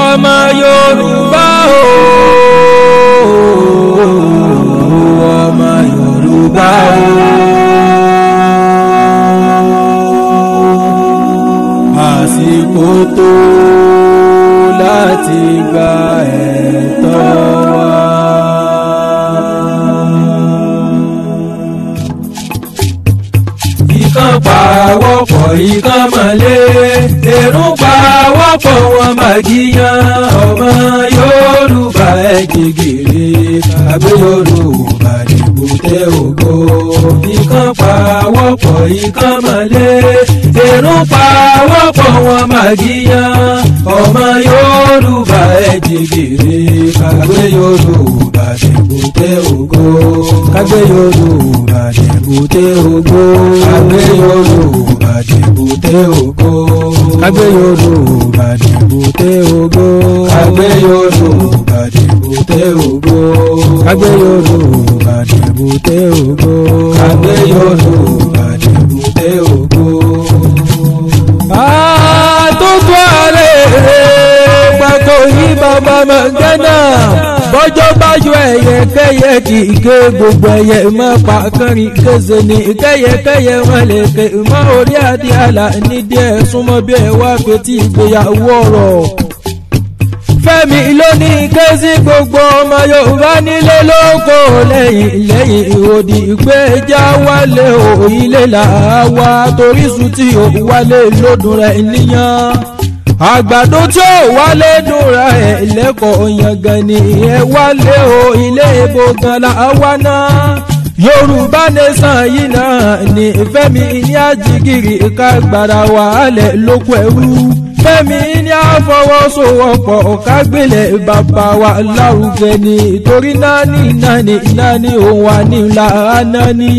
ọmọ Yorùbá o ọmọ Yorùbá o. àsìkò tó láti gba ẹ̀. kan pawọ́pọ̀ ikán mọ́lé èrú pawọ́pọ̀ wọn màgíyàn ọmọ Yorùbá ẹ̀jẹ̀ gèrè àgbéyọ̀rọ̀ òbàdìbò tẹ ògo. ikán pa wọ́pọ̀ ikán mọ̀lẹ́ èrò pa wọ́pọ̀ wọn màgíyàn ọmọ Yorùbá ẹ jìgìrì àgbéyọ̀rọ̀ òbàdìbò tẹ ògo. àgbéyọ̀rọ̀ òbàdìbò tẹ ògo. àgbéyọ̀rọ̀ òbàdìbò tẹ ògo. àgbéyọ̀rọ̀ òbàdìbò tẹ ògo. àgbéyọ̀rọ̀ kágbéyòdò àdìbòtè ògo. kágbéyòdò àdìbòtè ògo. àtúntò àlè pàkó yìí bàbá màgánà bọ́jọ́ bá yọ ẹ̀yẹ kẹ́yẹ kì í ké gbogbo ẹ̀yẹ má pa kánrin kéze ni kẹ́yẹ kẹ́yẹ wọn lè ké mọ́ orí adìyàlà nídìí ẹ̀ súnmọ́ bí ẹ wá fetí ìgbéyàwó ọ̀rọ̀ fẹ́mi lónìí ké sí gbogbo ọmọ yorùbá nílé lóko lẹ́yìn lẹ́yìn ìwòdì pé já wálé o ilé là á wá torí sùn tí o wálé lódùn rẹ̀ níyàn àgbàdo tí ó wálé dùn ra ẹ̀ lẹ́kọ̀ọ́ yangan ni ẹ wálé o ilé ìbò kan là náà yorùbá nation yìí náà ní fẹ́mi ní àjìgìrì ká gbàrà wàhálẹ̀ lóko ẹrú fẹ́mi ní àfọwọ́sowọ́pọ̀ ọ̀kágbélẹ̀ bàbá wa lárugẹ ni torí náà ní náà ní náà ní òun wa ní ńlá náà ní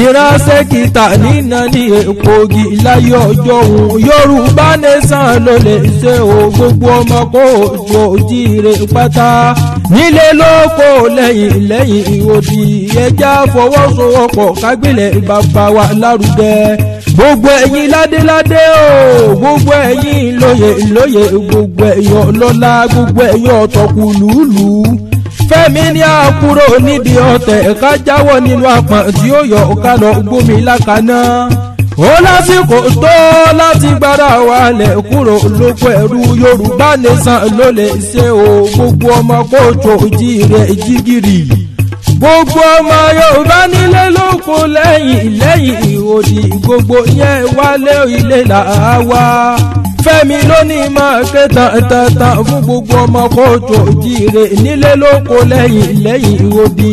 ìránṣẹ́ kìtà nínà ní èkógi láyé ọjọ́ òun yorùbá nation ló lè ṣe o gbogbo ọmọ kó ojú òjíire pátá nílé lóko lẹ́yìn lẹ́yìn ìwòdì ẹja fọwọ́sowọ́pọ̀ kágbélé bàbá wa lárugẹ gbogbo ẹ̀yin ládéládé o gbogbo ẹ̀yin lóye lóye gbogbo ẹ̀yin ọlọ́lá gbogbo ẹ̀yin ọ̀tọ̀kùlùlù. fẹ́mi ní àkúrò nídìí ọ̀tẹ̀ ká jáwọ́ nínú àpọ̀n tí ó yọ ọ̀ká lọ gbómi lákaná ó lásìkò tó láti gbára wálẹ̀ kúrò lóko ẹ̀rú Yorùbá nìsan ló lè ṣe o gbogbo ọmọ kóòtù ìjì rẹ̀ ìjìgìrì gbogbo ọmọ Yorùbá nílé lóko lẹ́yìn lẹ́yìn ìhòòdì gbogbo yẹn wálé ilé làá wá. fẹ́mi lónìí máa ké tàntàntàn fún gbogbo ọmọ kóòtù òjìire nílé lóko lẹ́yìn lẹ́yìn odi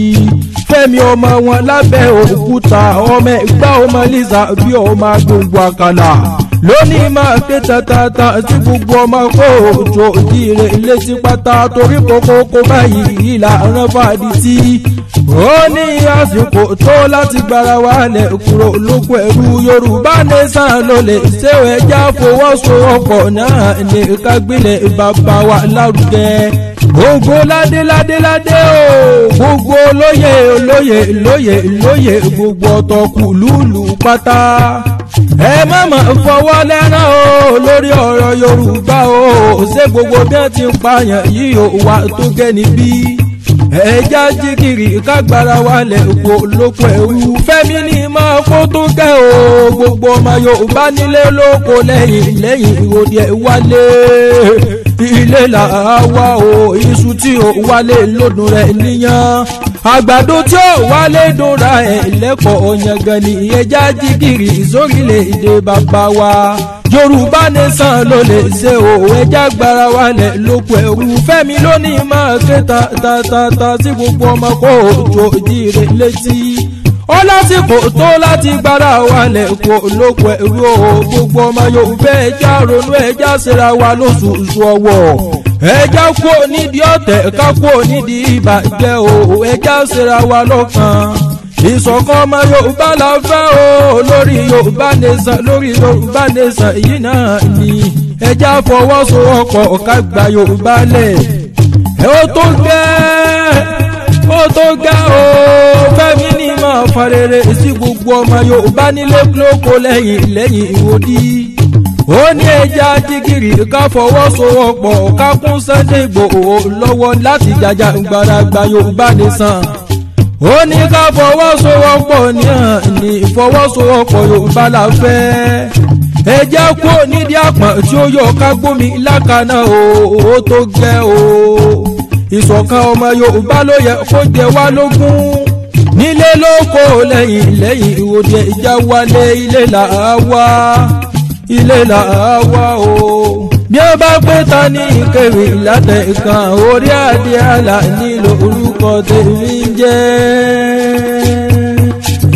fẹ́mi ọmọ wọn lábẹ́ òkúta ọmọ ẹ̀gbá ọmọ lisa bí ọmọ gbogbo àkàlà lónìí máa ké tatata tí gbogbo ọmọ kó òjò òjìire létí pátá torí kókó kó báyìí ìlànà fàdí tí. ó ní àsìkò tó láti gbára wálẹ̀ kúrò lóko ẹ̀rú yorùbá nation ló lè ṣe ẹja fọwọ́sowọ́pọ̀ náà ní kágbílẹ̀ bàbá wa lárugẹ. gbogbo ládé ládé ládé o gbogbo olóyè olóyè olóyè olóyè gbogbo ọ̀tọ̀kùlùlù pátá. ẹ má mà fọwọ́ lẹ́rán o lórí ọ̀rọ̀ Yorùbá o ṣé gbogbo bí wọ́n ti ń pààyàn yìí ò wá tó gẹ́ níbí ẹja jíkiri kágbára wálẹ̀ òpó lóko ẹ̀rú fẹ́mi ní kó tún kẹ́ o gbogbo ọmọ Yorùbá nílé lóko lẹ́yìn lẹ́yìn òde wálé ilé là á wá o iṣu tí ò wálé lódùn rẹ̀ níyàn àgbàdo tí ò wálé dúnra ẹ̀ lẹ́kọ̀ọ́ yangan ni ẹja jígìrì sórílẹ̀-èdè bàbá wa Yorùbá nìsan ló lè ṣe o ẹja gbára wálẹ̀ lóko ẹ̀rù Fẹ́mi lónìí máa ké ta ta ta ta sí gbogbo ọmọ kó o jò jíire létí ó lásìkò tó láti gbára wa lẹ́kọ̀ọ́ olóko ẹ̀rú o gbogbo ọmọ Yorùbá ẹja ronú ẹja síra wa lóṣooṣù ọwọ́ ẹja kúò nídìí ọ̀tẹ̀ ká kúò nídìí ìbàjẹ́ o ẹja síra wa lọ́kàn ìṣọ̀kan ọmọ Yorùbá la o lórí Yorùbá nation lórí Yorùbá nation yìí náà ni ẹja fọwọ́sowọ́pọ̀ ká gba Yorùbá lẹ̀ ẹ ó tó gẹ́ ó tó gẹ́ o fẹ́mi fa rere sí gbogbo ọmọ Yorùbá nílé lóko lẹ́yìn lẹ́yìn ìwòdí ó ní ẹja jígìrì ká fọwọ́sowọ́pọ̀ ká kún Sunday Igboho lọ́wọ́ láti jàjà gbàràgbà Yorùbá nìsan ó ní ká fọwọ́sowọ́pọ̀ ní hàn ní ìfọwọ́sowọ́pọ̀ Yorùbá la fẹ́ ẹ jẹ́ kó àpọ̀n tí ó yọ ká gbómi lákàná o ó tó gẹ́ o ìṣọ̀kan ọmọ Yorùbá ló yẹ kó jẹ wá lógún nílé lóko lẹ́yìn lẹ́yìn ìwòde ìjà wálé ilé là á wá ilé là á wá o. bí ó bá pé ta ní ìkéwì ìlànà ìkan orí adìẹ àlà nílò orúkọ tèmi ń jẹ́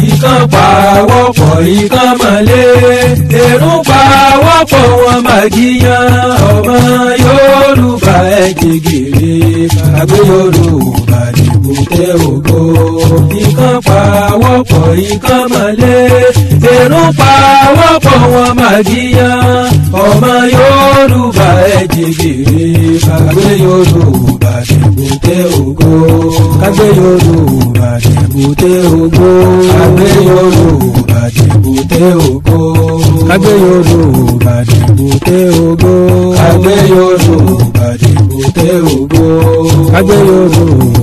ìkan pàwọ́pọ̀ ìkan mọ̀lẹ́ èrún pàwọ́pọ̀ wọn màgíyan ọmọ Yorùbá ẹ̀jẹ̀ gèrè àgbẹ̀ Yorùbá o ikán pa wọ́pọ̀ ikán mọ̀lẹ́ èrú pa wọ́pọ̀ wọn màgíyàn ọmọ Yorùbá ẹ̀jẹ̀ gèrè kàgbé Yorùbá dẹ̀bùtẹ̀ ògo kàgbé Yorùbá dẹ̀bùtẹ̀ ògo kàgbé Yorùbá dẹ̀bùtẹ̀ ògo kàgbé Yorùbá dẹ̀bùtẹ̀ ògo kàgbé Yorùbá dẹ̀bùtẹ̀ ògo kàgbé Yorùbá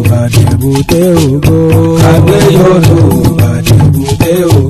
dìbò tẹ́ ògo. àgbẹ̀ yóò lò ó bá dìbò